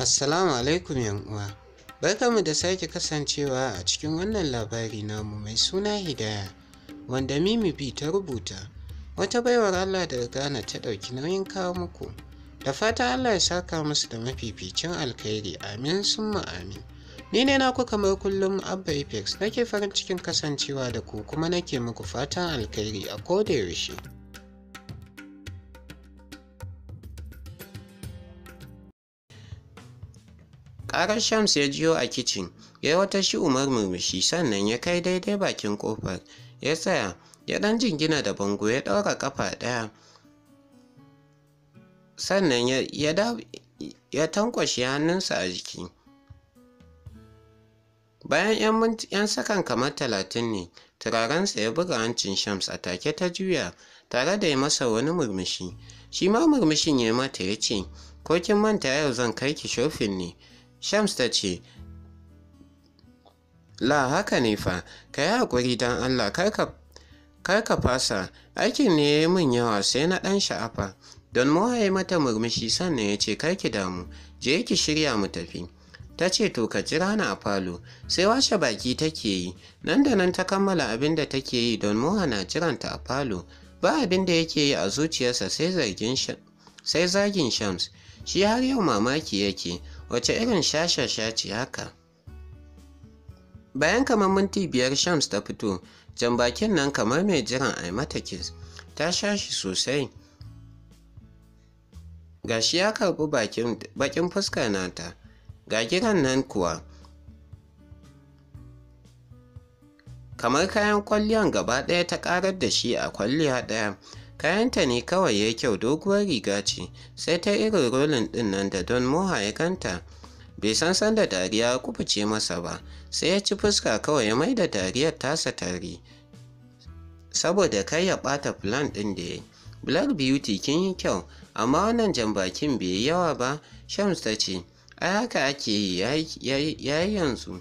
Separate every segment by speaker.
Speaker 1: Assalamu alaikum uwa. Barkamu da sake kasancewa a cikin wannan labari namu mai suna Hidaya, wanda Mimi B ta rubuta. Wata baiwar Allah da Ghana ta ɗauki nauyin kawo muku. Da fata Allah ya saka musu da mafificin alkhairi, amin summa amin. Ni ne naku kamar kullum Abba Apex nake farin cikin kasancewa da ku kuma nake muku fatan alkhairi a koda yaushe. Ƙarar Shams ya jiyo a kicin, ya yi wata umar murmushi sannan ya kai daidai bakin ƙofar, ya tsaya, ya ɗan jingina da bango ya ɗaura ƙafa ɗaya. Sannan ya, ya tankwashe hannunsa a jiki. Bayan 'yan sakan kamar talatin ne, turarensa ya buga hancin Shams a take ta juya tare da ya masa wani murmushi. Shi ma murmushin ya mata ya ce, Ko kin manta yau zan kai ki shofin ne, Shams ta ce, La haka ne fa, ka yi haƙuri don Allah kar ka fasa, aikin ne ya yi min yawa sai na ɗan sha'afa. Don Moha ya mata murmushi sannan ya ce kar ki damu, je ki shirya mu tafi. Ta ce to ka jira na a falo, sai washe baki take yi, nan da nan ta kammala abin da take yi don Moha na jiranta a falo. Ba abin da yake yi a zuciyarsa sai zagin Shams, shi har yau mamaki yake. wace irin shashasha ce haka bayan kamar minti biyar shams ta fito jan bakin nan kamar mai jiran a mata kis ta shashi sosai shi ya karbi bakin fuska nata ga giran nan kuwa kamar kayan kwalliyan gaba ɗaya ta ƙarar da shi a kwalliya ɗaya Kayanta ne kawai ya yi kyau doguwar riga ce, sai ta irin rolin ɗin nan da don moha ya kanta. Bai san sanda dariya ya kubuce masa ba, sai ya ci fuska kawai ya mai da dariyar tasa tari. Saboda kai ya ɓata plan ɗin da ya yi. Black Beauty kin yi kyau, amma wannan jan bakin bai yi yawa ba, Shams ta ce, ai haka ake yi ya yi yanzu.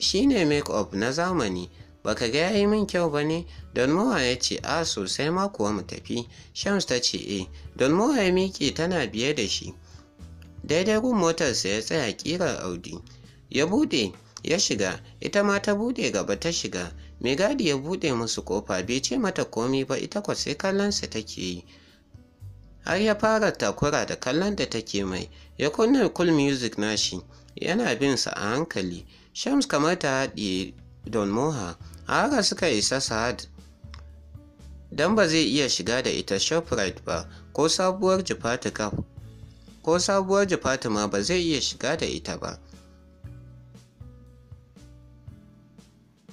Speaker 1: Shi ne make-up na zamani, Ba ka ga yayi min kyau ba ne don mowa ya ce a sosai ma kuwa mu tafi shams ta ce e don mowa ya miƙe tana biye da shi daidai gun motarsa ya tsaya ƙirar audi ya bude. ya shiga ita ma ta bude gaba ta shiga mai gadi ya bude musu kofa bai ce mata komi ba ita kwa sai kallonsa take yi har ya fara takura da kallon da take mai ya kunna cool music nashi yana bin sa a hankali shams kamar ta haɗiye don moha a haka suka isa sa'ad don ba zai iya shiga da ita shoprite ba ko sabuwar jifatu ka ko sabuwar jifatu ma ba zai iya shiga da ita ba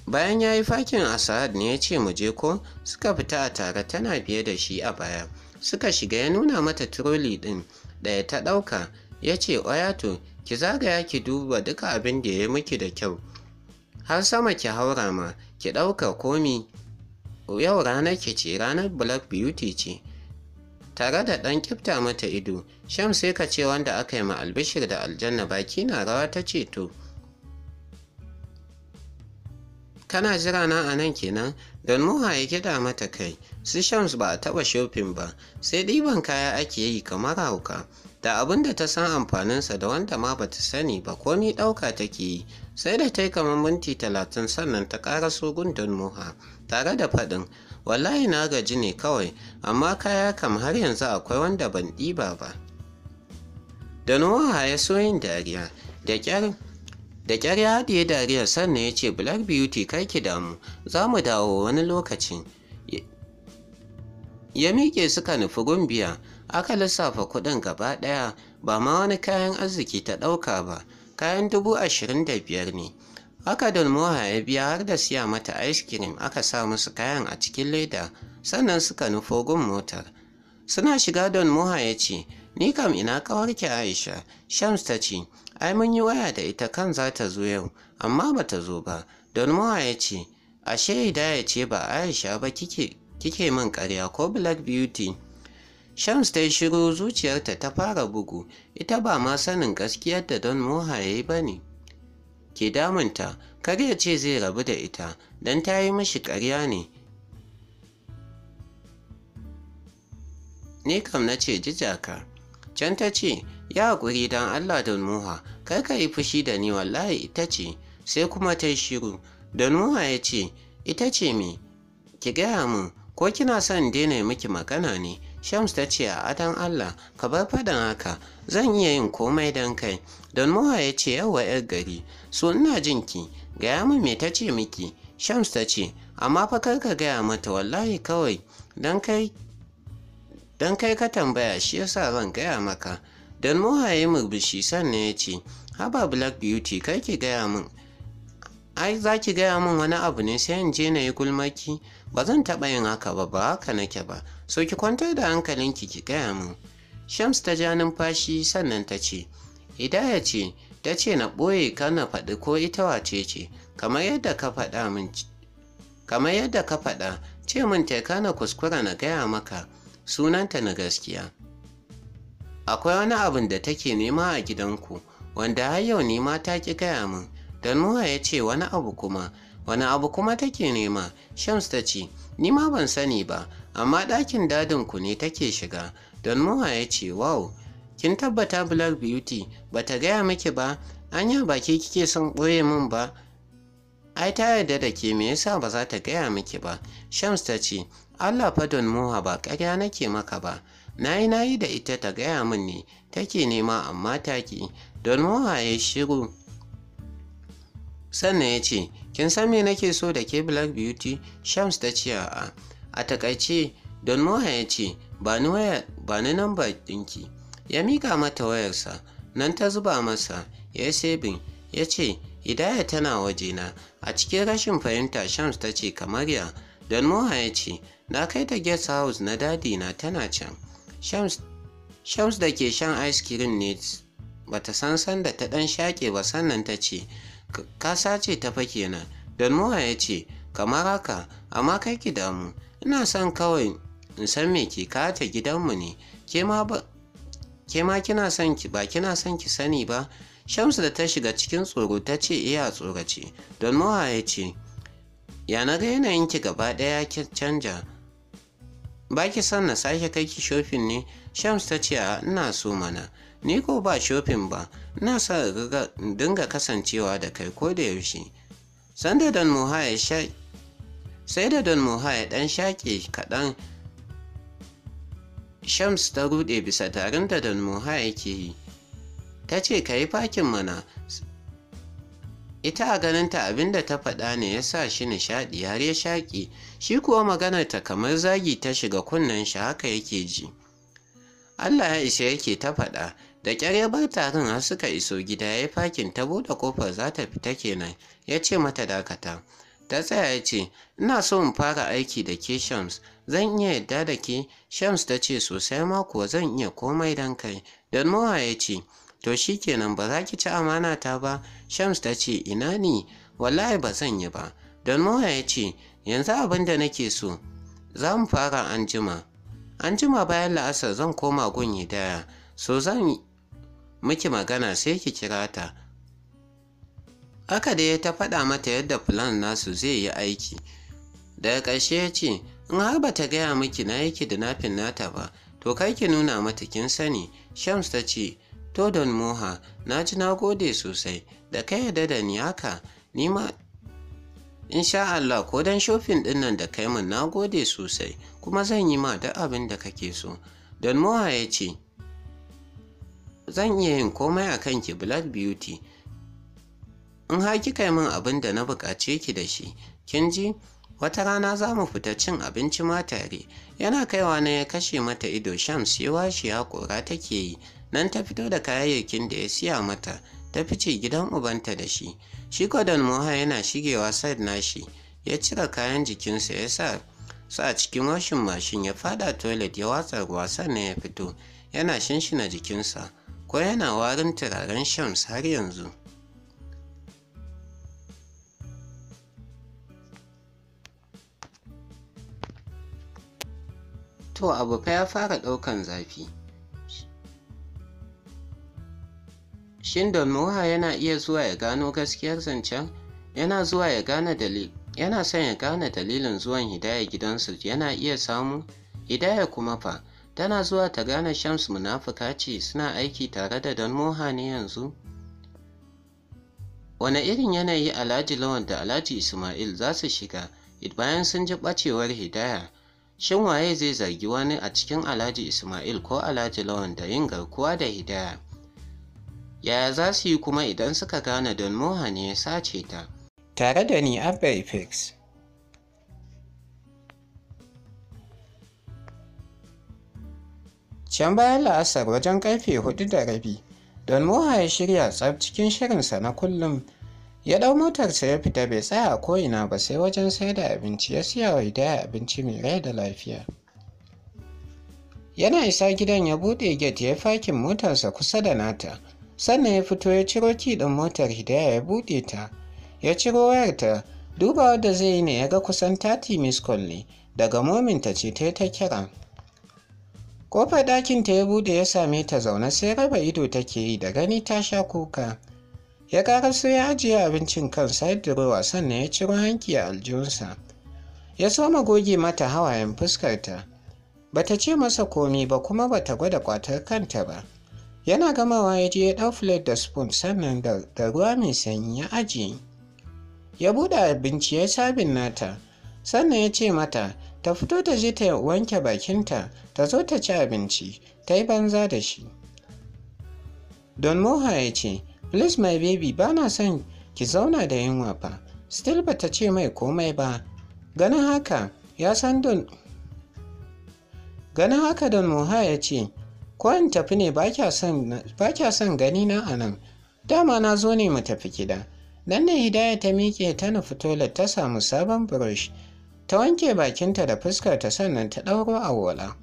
Speaker 1: bayan ya yi fakin a sa'ad ne ya ce mu je ko suka fita a tare tana biye da shi a baya suka shiga ya nuna mata troli ɗin ɗaya ta ɗauka ya ce oyato ki zagaya ki duba duka abin da ya yi miki da kyau har sama ki haura ma ki ɗauka komi yau ranar ki ce ranar black beauty ce tare da ɗan kifta mata ido sham sai ka ce wanda aka yi ma albishir da aljanna baki na rawa ta ce to kana jira na a nan kenan don muha ya gida mata kai su shams ba a taɓa shofin ba sai ɗiban kaya ake yi kamar hauka da abin da ta san amfaninsa da wanda ma ba ta sani ba komi ni ɗauka take yi sai da ta yi kamar minti talatin sannan ta ƙara sugun don moha tare da faɗin wallahi na gaji ne kawai amma kaya kam har yanzu akwai wanda ban ɗiba ba da noha ya so yin dariya da ƙyar da ƙyar ya haɗiye dariya, sannan ya ce black beauty kai ki damu za mu dawo wani lokacin ya miƙe suka nufi gumbiya aka lissafa kuɗin gaba ɗaya ba ma wani kayan arziki ta ɗauka ba kayan dubu ashirin da biyar ne aka dalmoha ya biya har da siya mata ice cream aka sa musu kayan a cikin leda sannan suka nufo gun motar suna shiga moha ya ce ni kam ina ki aisha shams ta ce ai mun yi waya da ita kan za ta zo yau amma ba ta zo ba moha ya ce ashe ya ce ba aisha ba kike kike min karya ko black beauty Shams ta yi shiru zuciyarta ta fara bugu, ita ba ma sanin gaskiyar da don ya yi ba ne. Ke damunta, kar ya ce zai rabu da ita, don ta yi mashi ƙarya ne. Ni kam na ce jijaka. Can ta ce, ya haƙuri don Allah don muha, kar ka yi fushi da ni wallahi ita ce, sai kuma ta yi shiru. Don moha ya ce, ita ce me, ki gaya mu, ko kina son daina miki magana ne, Shams ta ce a adan Allah ka bar fadan haka zan iya yin komai don kai don mowa ya ce wa yar gari so ina jin ki gaya min me ta ce miki Shams ta ce amma fa kar ka gaya mata wallahi kawai don kai ka tambaya shi yasa zan gaya maka don mowa ya yi sannan ya ce haba black beauty kai ki gaya min ai za ki gaya min wani abu ne sai in je na yi gulmaki ba zan taɓa yin haka ba ba haka nake ba so ki kwantar da hankalinki ki gaya min shams ta ja numfashi sannan ta ce hidaya ce ta ce na ɓoye kana faɗi ko ita wace ce kamar yadda ka faɗa ce min ta kana kuskura na gaya maka sunanta na gaskiya akwai wani abin da take nema a gidanku wanda har yau ne ma ta ki gaya min da nuna ya ce wani abu kuma wani abu kuma take nema shams ta ce ni ma ban sani ba amma ɗakin dadinku ne take shiga don muha ya ce wow kin tabbata black beauty ba ta gaya miki ba anya baki kike son ɓoye min ba ai ta yarda da ke me yasa ba za ta gaya miki ba shams ta ce allah fa don muha ba karya nake maka ba na yi na yi da ita ta gaya min ne take nema amma ta ki don muha ya shiru sannan ya ce kin san me nake so da ke black beauty shams ta ce a'a a takaice don moha ya ce ba ni namba ɗinki ya mika mata wayarsa nan ta zuba masa ya sebin ya ce hidaya tana wajena a cikin rashin fahimta shams ta ce kamar ya don moha ya ce na kai ta guest house na dadi na tana can shams, da ke shan ice cream ne bata san sanda ta ɗan shaƙe ba sannan ta ce ka sace ta fake na, don moha ya ce kamar haka amma kai ki damu ina son kawai in san me ke kata gidanmu ne ke ma kina son ki ba kina son ki sani ba Shamsu da ta shiga cikin tsoro ta ce iya eh, tsorace don mawa ya ce ya na ga yanayinki gaba ɗaya ki canja ba ki son na sake kai ki shofin ne shams ta ce ina so mana ni ko ba shofin ba ina sa dinga kasancewa da kai ko da yaushe sanda don muha ya sai da don moha ya ɗan shaƙe kaɗan shams ta rude bisa tarin da don moha yake yi ta ce ka yi fakin mana ita a ganinta abinda ta faɗa ne ya sa shi nishaɗi har ya shaƙe shi kuwa maganarta kamar zagi ta shiga kunnen shi haka yake ji allah ya isa yake ta faɗa da ƙyar ya bar tarin har suka iso gida ya yi fakin ta buɗe kofar za ta fita kenan ya ce mata dakata ta tsaya ya ce ina so in fara aiki da ke shams zan iya yadda da ke shams ta ce sosai ma kuwa zan iya komai don kai don mawa ya ce to shi kenan ba za ki ci amana ta ba shams ta ce ina ni wallahi ba zan yi ba don mawa ya ce yanzu abin da nake so za mu fara anjima. Anjima bayan la'asar zan koma gun daya so zan miki magana sai ki kira ta haka dai ta faɗa mata yadda plan nasu zai yi aiki daga ƙarshe ya ce in har ba ta gaya miki na yake da nafin nata ba to kai ki nuna mata kin sani shams ta ce to don moha na ji na gode sosai da kai ya da ni haka ni ma sha Allah ko dan shofin ɗin da kai mun na gode sosai kuma zan yi ma duk abin da kake so don moha ya ce zan iya yin komai a kanki black beauty in har kika yi min abin da na buƙace ki da shi kin ji wata rana za mu fita cin abinci ma tare yana kaiwa na ya kashe mata ido shams ya washe haƙora take yi nan ta fito da kayayyakin da ya siya mata ta fice gidan ubanta da shi shi kodon moha yana shigewa sad nashi ya cire kayan jikinsa ya sa a cikin washin mashin ya fada toilet ya watsa ruwa sannan ya fito yana shinshina jikinsa ko yana warin turaren shams har yanzu To abu fa ya fara ɗaukan zafi. Shin Don Moha yana iya zuwa ya gano gaskiyar zancen? Yana zuwa ya gane dalil. Yana son ya gane dalilin zuwan Hidaya gidansu yana iya samu? Hidaya kuma fa, tana zuwa ta gane Shams munafuka ce suna aiki tare da Don Moha ne yanzu? Wane irin yanayi Alhaji Lawan da Alhaji Ismail za su shiga bayan sun ji ɓacewar Hidaya? Shin waye zai zargi wani a cikin Alhaji Ismail ko Alhaji Lawan da yin garkuwa da Hidaya? Yaya za su yi kuma idan suka gane Don Moha ne ya sace ta? Tare da ni Abba Effects. Can bayan la'asar wajen karfe hudu da rabi, Don Moha ya shirya tsab cikin shirinsa na kullum ya ɗau motarsa ya fita bai tsaya a ko'ina ba sai wajen sai da abinci ya siya wa hidaya abinci mai rai da lafiya yana isa gidan ya buɗe get ya fakin motarsa kusa da nata sannan ya fito ya ciro ki ɗin motar hidaya ya buɗe ta ya ciro wayarta duba wadda zai yi ne ya ga kusan tati miss conley daga mominta ce ta ta kira kofar ɗakinta ya buɗe ya same ta zaune sai raba ido take yi da gani ta sha kuka ya kara so ya ajiye abincin kan side ruwa, sannan ya ciro hanki a aljihunsa ya soma goge mata hawayen fuskarta bata ce masa komi ba kuma bata gwada kwatar kanta ba yana gamawa ya je ya ɗau plate da spoon sannan da ruwa mai sanyi ya aji. ya buɗe abinci ya sabin nata sannan ya ce mata ta fito ta je ta wanke bakinta ta zo ta ci abinci ta yi banza da shi don moha ya ce please my baby ba na son ki zauna da yunwa fa still ba ta ce mai komai ba ganin haka ya san don ganin haka don moha ya ce ko in tafi ne ba kya son gani na a nan dama na zo ne mu tafi gida nan ne hidaya ta miƙe ta nufi tolet ta samu sabon burush ta wanke bakinta da fuskarta sannan ta ɗauro a wola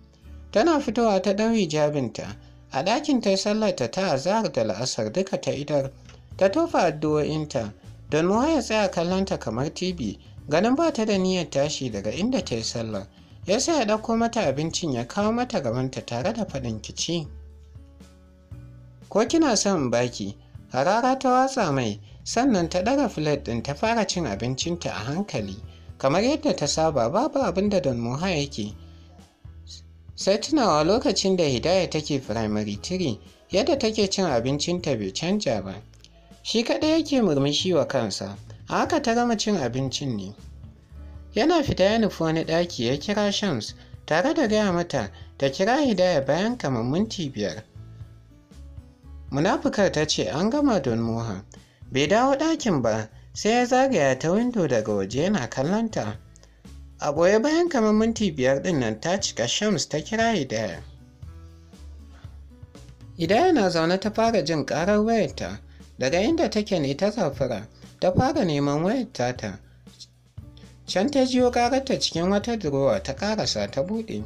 Speaker 1: tana fitowa ta ɗau hijabinta a ɗakin ta yi sallar ta azahar da la'asar duka ta idar ta tofa addu'o'inta don ruwa ya tsaya kallonta kamar tv ganin ba ta da niyyar tashi daga inda ta yi sallar ya sa ya ɗauko mata abincin ya kawo mata gabanta tare da faɗin kici ko kina son baki harara ta watsa mai sannan ta ɗaga filet ɗin ta fara cin abincinta a hankali kamar yadda ta saba babu abin da don muha yake sai tunawa lokacin da hidaya take firamare tiri yadda take cin abincinta bai canja ba shi kaɗai yake murmushi wa kansa a haka ta gama cin abincin ne yana fita ya nufi wani ɗaki ya kira shams tare da gaya mata ta kira hidaya bayan kamar minti biyar munafukar ta ce an gama don moha bai dawo ɗakin ba sai ya zagaya ta windo daga waje yana kallonta. a boye bayan kamar minti biyar ɗin nan ta cika shams ta kira hidaya hidaya na zaune ta fara jin ƙarar wayarta daga inda take ne ta zafira ta fara neman wayartata. ta can ta jiyo ta cikin wata durowa ta karasa ta buɗe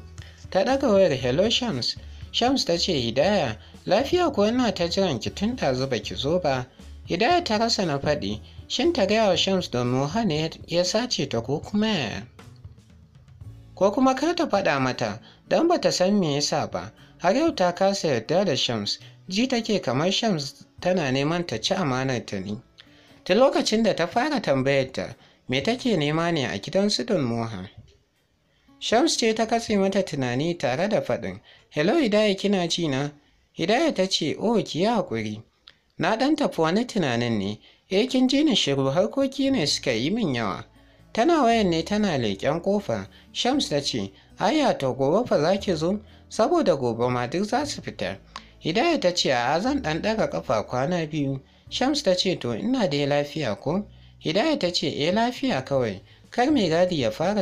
Speaker 1: ta ɗaga wayar hello shams shams ta ce hidaya lafiya ko ina ta jiran ki tun ta zuba ki zo ba hidaya ta rasa na faɗi shin ta gaya wa shams domin hana ya sace ta ko kuma yaya ko kuma kar ta faɗa mata don ba ta san me yasa ba har yau ta kasa yarda da Shams ji take kamar Shams tana neman ta ci amanar ta ne ta lokacin da ta fara tambayar ta me take nema ne a gidan su Don moha Shams ce ta katse mata tunani tare da faɗin hello Hidaya kina ci na Hidaya ta ce oh ki yi haƙuri na ɗan tafi wani tunanin ne eh kin ji ni shiru harkoki ne suka yi min yawa tana wayan ne tana leƙen ƙofa shams ta ce aya to gobe fa za ki zo saboda gobe ma duk za su fita hidaya ta ce a zan ɗan ɗaga ƙafa kwana biyu shams ta ce to ina dai lafiya ko hidaya ta ce eh lafiya kawai kar mai gadi ya fara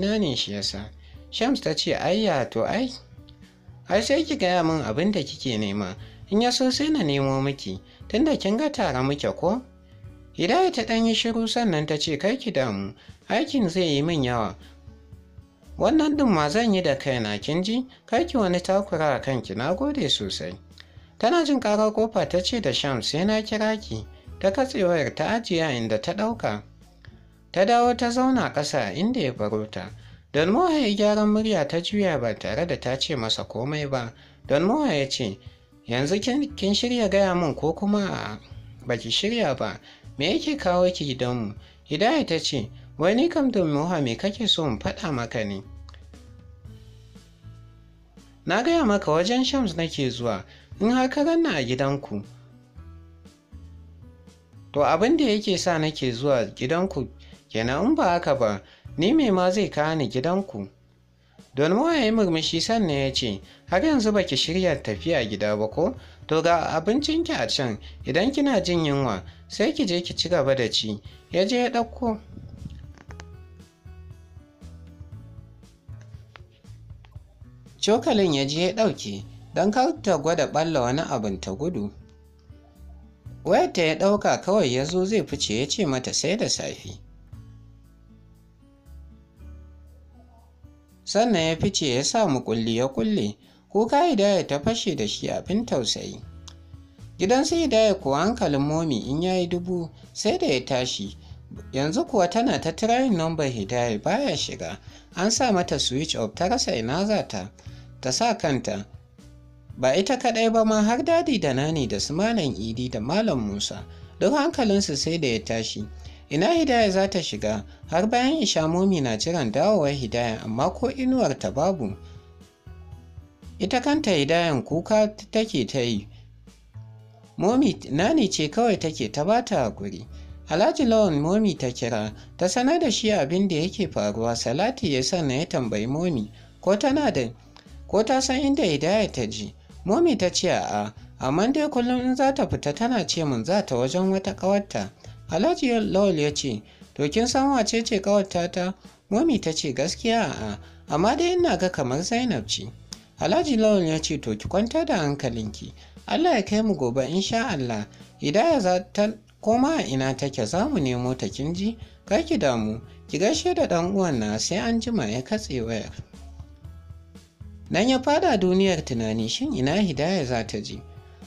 Speaker 1: na ne shi yasa shams ta ce ayya to ai ai sai ki gaya min abin da kike nema in ya so sai na nemo miki tunda kin ga tare muke ko Hidaya ta ɗan yi shiru sannan ta ce kai ki damu, aikin zai yi min yawa. Wannan ɗin ma zan yi da kai na, kin ji, kai ki wani takura a kanki na gode sosai. Tana jin ƙarar kofa ta ce da Sham sai na kira ki, ta katse wayar ta ajiye inda ta ɗauka. Ta dawo ta zauna ƙasa inda ya baro ta. Don Moha ya gyaran murya ta juya ba tare da ta ce masa komai ba. Don Moha ya ce, yanzu kin shirya gaya min ko kuma ba ki shirya ba me yake kawo ki gidanmu hidaya ta ce wani kam da muha me kake so mu faɗa maka ne na gaya maka wajen shams nake zuwa in haka ganna a gidanku to abin da yake sa nake zuwa gidanku kenan in ba haka ba ni me ma zai kawo ni gidanku don muha ya yi murmushi sannan ya ce har yanzu ba ki shirya tafiya gida ba ko to ga abincin ki a can idan kina jin yunwa sai ki je ki ci gaba da ci ya je ya ɗauko cokalin ya je ya ɗauke don kar ta gwada ɓalla wani abin ta gudu wayarta ya ɗauka kawai ya zo zai fice ya ce mata sai da safe sannan ya fice ya sa mukulli ya kulle kuka hidaya ta fashe da shi abin tausayi gidan su hidaya kuwa hankalin momi in ya yi dubu sai da ya tashi yanzu kuwa tana ta tirayin nomba hidaya baya shiga an sa mata switch off ta rasa ina za ta ta sa kanta ba ita kaɗai ba ma har dadi da nani da su malam idi da malam musa duk hankalinsu sai da ya tashi ina hidaya za ta shiga har bayan isha momi na jiran dawowar hidaya amma ko inuwar ta babu ita kanta hidayan kuka take ta yi momi nani ce kawai take ta ba ta hakuri alhaji lawan momi ta kira ta sanar da shi abin da yake faruwa salati ya na ya tambayi momi ko tana da ko ta san inda hidaya ta ji momi ta ce a'a amma dai kullum in za ta fita tana ce min za ta wajen wata ƙawarta alhaji lawal ya ce to kin san wace ce ƙawarta ta momi ta ce gaskiya a'a amma dai ina ga kamar zainab ce Alhaji Lawal ya ce to ki kwanta da hankalinki. Allah ya kai mu gobe insha Allah. Hidaya za ta koma a ina take za mu nemo ta kin ji? Kar ki damu. Ki gaishe da dan uwan na sai an jima ya katse wayar. Nan ya fada duniyar tunani shin ina Hidaya za ta ji?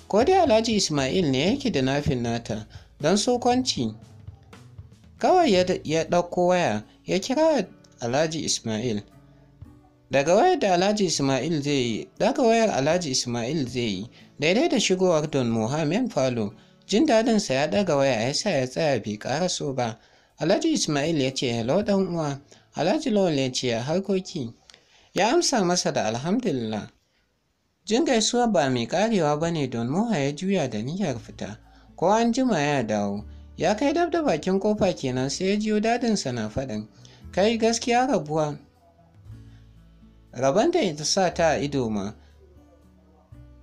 Speaker 1: Ko dai Alhaji Ismail ne yake da nafin nata don sokwanci. Kawai ya ɗauko waya ya kira Alhaji Ismail. daga wayar da alhaji ismail zai yi daga wayar alhaji ismail zai yi daidai da shigowar don Muhammed falo jin dadin ya daga waya ya sa ya tsaya bai ƙara so ba alhaji ismail ya ce hello dan uwa alhaji lawal ya ce harkoki ya amsa masa da alhamdulillah jin gaisuwa ba mai karewa ba ne don moha ya juya da niyyar fita ko an jima ya dawo ya kai dab da bakin kofa kenan sai ya jiyo dadinsa na faɗin kai gaskiya rabuwa da ta sa ta a ido ma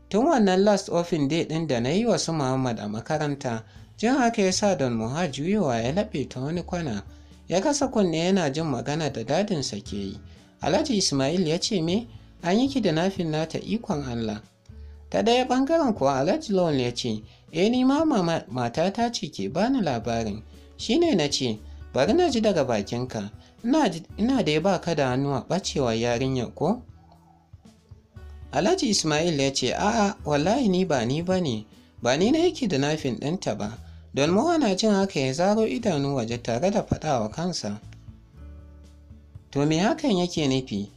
Speaker 1: tun wannan last offin day ɗin da na yi wasu muhammad a makaranta jin haka ya sa don muha juyowa ya laɓe ta wani kwana ya kasa kunne yana jin magana da dadinsa ke yi alhaji ismail ya ce me an yi kidnafin nata ikon allah ta ɗaya ɓangaren kuwa alhaji lawal ya ce e ni ma matata ce ke bani labarin shine na ce bari na ji daga bakinka ina da ya ba ka da hannu a ɓacewa yarinyar ko? Alhaji Ismail ya ce, A'a, wallahi ni ba ni ba ne, ba ni na yake da nafin ɗinta ba, don mawana cin haka ya zaro idanu waje tare da faɗawa kansa. To me hakan yake nufi?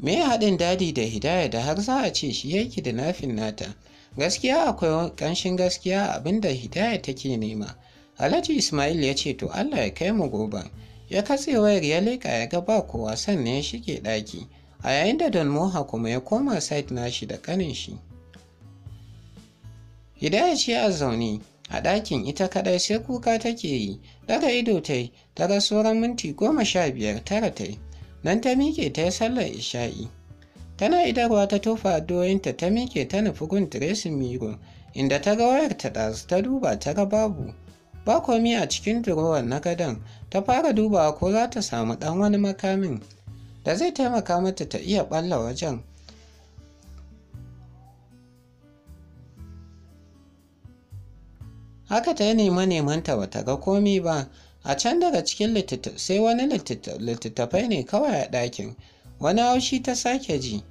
Speaker 1: Me haɗin dadi da hidaya da har za a ce shi yake da nafin nata? Gaskiya akwai ƙanshin gaskiya abin da hidaya take nema. Alhaji Ismail ya ce, To Allah ya kai mu gobe. ya katse wayar ya leka ya ga ba kowa sannan ya shige ɗaki a yayin da don moha kuma ya koma site nashi da kanin shi hidaya ce a zaune a ɗakin ita kaɗai sai kuka take yi daga ido ta yi ta ga sauran minti goma sha biyar tara ta yi nan ta miƙe ta yi sallar isha'i tana idarwa ta tofa doyinta ta miƙe ta nufi gun diresin miro inda ta ga wayar ta ɗazu ta duba ta ga babu ba komi a cikin durowar na gadon ta fara dubawa ko za ta samu ɗan wani makamin da zai taimaka mata ta iya ɓalla wajen haka ta yi nema nemanta ba ta ga komi ba a can daga cikin sai wani littattafai ne kawai a ɗakin wani haushi ta sake ji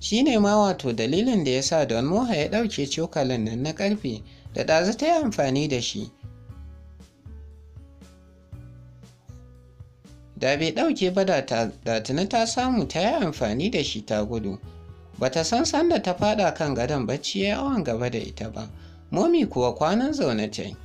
Speaker 1: shi ne ma wato dalilin da ya sa don moha ya ɗauke cokalin nan na ƙarfe da ɗazu ta yi amfani da shi da bai ɗauke ba da tuni ta samu ta yi amfani da shi ta gudu Ba ta san sanda ta fada kan gadon bacci ya awon gaba da ita ba momi kuwa kwanan zaune ta yi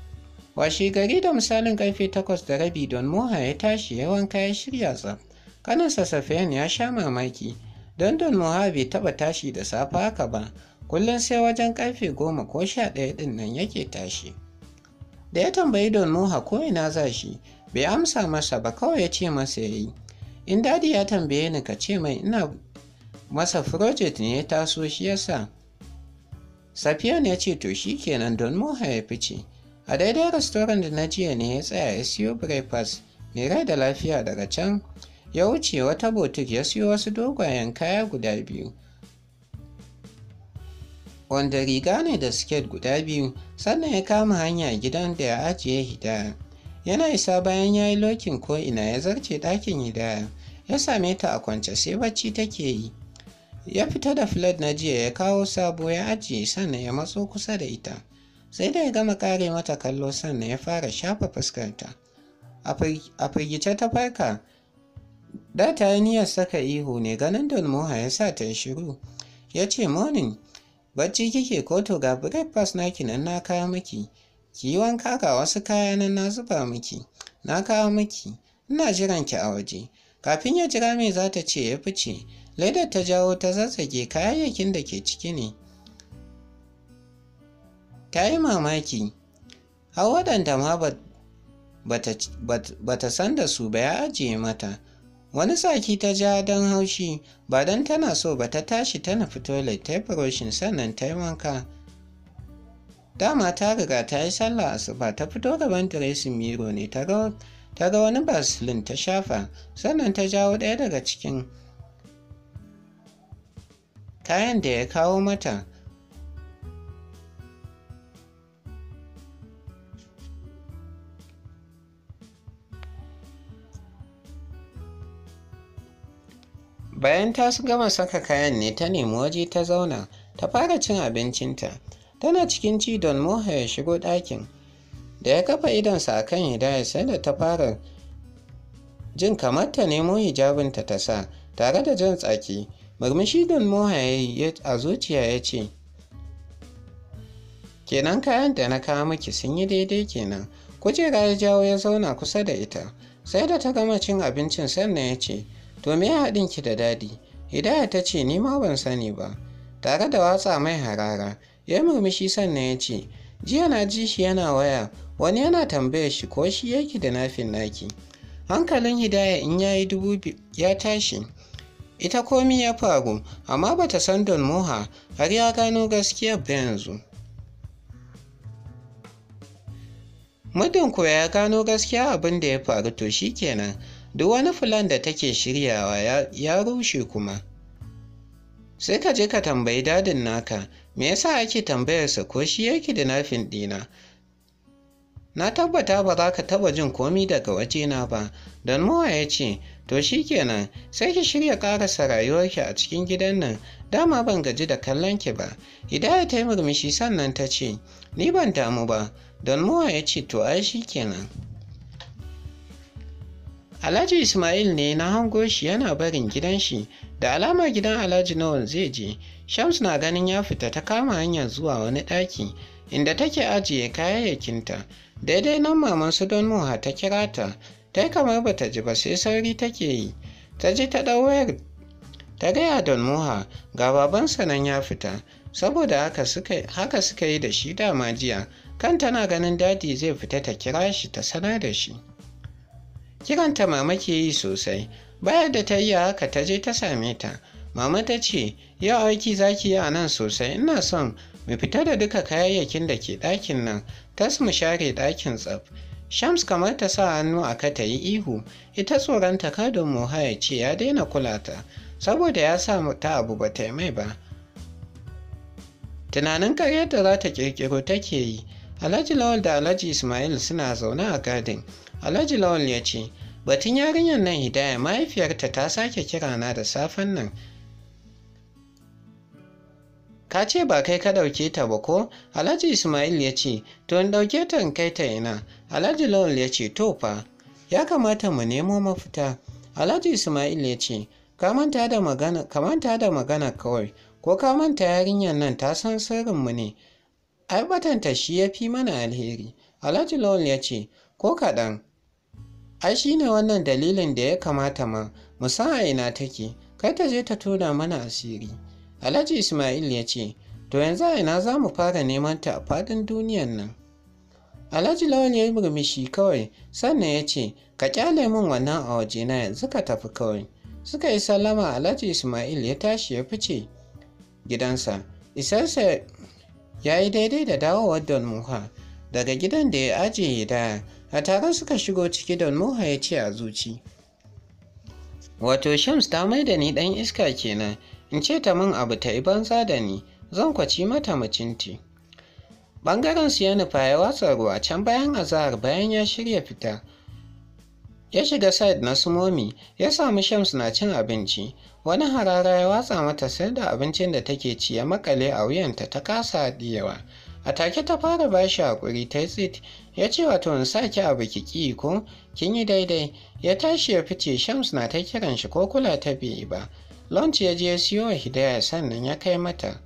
Speaker 1: washe gari da misalin karfe takwas da rabi don moha ya tashi yawan kaya ya shirya tsaf Kanin safiyan ya sha mamaki don don moha bai taɓa tashi da safe haka ba kullum sai wajen karfe goma ko sha ɗaya ɗin nan yake tashi da ya tambayi don nuha ko ina za shi bai amsa masa ba kawai ya ce masa ya yi in dadi ya tambaye ni ka ce mai ina masa project ne ya taso shi yasa safiyan ya ce to shi kenan don nuha ya fice a daidai restaurant na jiya ne ya tsaya ya siyo breakfast mai rai da lafiya daga can ya wuce wata botik ya siyo wasu dogayen kaya guda biyu wanda riga ne da siket guda biyu sannan ya kama hanya gidan da ya ajiye hidaya yana isa bayan ya yi lokin ko'ina ya zarce ɗakin hidaya ya same ta a kwance sai bacci take yi ya fita da flood na jiya ya kawo sabo ya ajiye sannan ya matso kusa da ita sai da ya gama kare mata kallo sannan ya fara shafa fuskarta a firgice ta farka da ta yi niyyar saka ihu ne ganin don ya sa ta shiru ya ce morning Bacci kike ko to ga breakfast naki nan na kawo miki. Ki yi wanka ga wasu kaya nan na zuba miki. Na kawo miki. Ina jiran ki a waje. Kafin ya jira me zata ce ya fice. Ledar ta jawo ta zazzage kayayyakin da ke ciki ne. Ta yi mamaki. Har waɗanda ma ba ta san da su ba ya ajiye mata. wani saki ta ja don haushi ba don tana so ba ta tashi tana fito da ta sannan ta yi wanka dama ta riga ta yi sallah asuba ta fito gaban dressing miro ne ta ga wani basilin ta shafa sannan ta jawo ɗaya daga cikin kayan da ya kawo mata bayan ta gama saka kayan ne ta nemi waje ta zauna ta fara cin abincinta tana cikin ci don moha ya shigo ɗakin da ya kafa idonsa a kan hidaya sai da ta fara jin kamar ta nemo hijabinta ta sa tare da jan tsaki murmushi don moha ya a zuciya ya ce kenan kayan da na kawo miki sun yi daidai kenan kujera ya jawo ya zauna kusa da ita sai da ta gama cin abincin sannan ya ce to me ya haɗin ki da dadi hidaya ta ce ni ma ban sani ba tare da watsa mai harara ya murmushi sannan ya ce jiya na ji shi yana waya wani yana tambayar shi ko shi yake da nafin naki hankalin hidaya in ya yi dubu ya tashi ita komi ya faru amma bata san don moha har ya gano gaskiyar ba yanzu muddin kuwa ya gano gaskiya abin da ya faru to shi kenan duk wani fulan da take shiryawa ya rushe kuma sai ka je ka tambayi dadin naka me yasa ake tambayarsa ko shi yake da nafin ɗina na tabbata ba za ka taba jin komi daga wajena ba don mawa ya ce to shi kenan sai ki shirya karasa rayuwarki a cikin gidan nan dama ban gaji da kallon ki ba hidaya ya yi murmushi sannan ta ce ni ban damu ba don mawa ya ce to ai shi kenan Alhaji Ismail ne na hango shi yana barin gidan shi, da alama gidan Alhaji na zai je. Shams na ganin ya fita ta kama hanyar zuwa wani ɗaki inda take ajiye kayayyakinta. Daidai nan maman su don muha ta kira ta, ta yi kamar ta ji ba sai sauri take yi. Ta ji ta ɗau wayar ta gaya don muha ga babansa nan ya fita, saboda haka suka yi da shi dama jiya, kan tana ganin dadi zai fita ta kira shi ta sanar da shi. kiranta mama ke yi sosai bayar da ta yi haka ta je ta same ta mama ta ce yau aiki za ki yi a nan sosai ina son mu fita da duka kayayyakin da ke ɗakin nan tas mu share ɗakin tsaf shams kamar ta sa hannu a ka ta yi ihu ita tsoronta kadon mu ya ce ya daina kula ta saboda ya sa ta abu ba ta mai ba tunanin karyar da za ta kirkiro take yi alhaji lawal da alhaji ismail suna zaune a gadin Alhaji Lawal ya ce, Batun yarinyar nan Hidaya mahaifiyarta ta sake kira na da safen nan. Ka ce ba kai ka ɗauke ta ba ko? Alhaji Ismail ya ce, To in ɗauke ta in kai ta ina. Alhaji Lawal ya ce, To fa, ya kamata mu nemo mafita. Alhaji Ismail ya ce, Ka manta da magana kawai, ko ka manta yarinyar nan ta san sirrinmu ne. Ai batanta shi ya fi mana alheri. Alhaji Lawal ya ce, Ko kaɗan, Ai shi ne wannan dalilin da ya kamata ma, mu a ina take, kai ta je ta tona mana asiri. Alhaji Ismail ya ce, To yanzu a ina za mu fara neman ta a faɗin duniyan nan. Alhaji Lawal ya yi murmushi kawai, sannan ya ce, Ka kyale min wannan a waje na yanzu ka tafi kawai. Suka yi sallama Alhaji Ismail ya tashi ya fice gidansa. Isarsa ya yi daidai da dawowar Don Muha. daga gidan da ya ajiye hidaya a tare suka shigo ciki da muha ya ce a zuci wato shams ta mai da ni ɗan iska kenan in ce ta min abu ta banza da ni zan kwaci mata macinti bangaren su ya nufa ya watsa ruwa can bayan azahar bayan ya shirya fita ya shiga side na sumomi ya samu shams na cin abinci wani harara ya watsa mata sai da abincin da take ci ya makale a wuyanta ta kasa diyawa. a take ta fara ba shi haƙuri ta tsit ya ce wato in sa ki abu ki ki ko kin yi daidai ya tashi ya fice shams na ta kiran shi ko kula ta biyu ba lunch ya je siyo hidaya sannan ya kai mata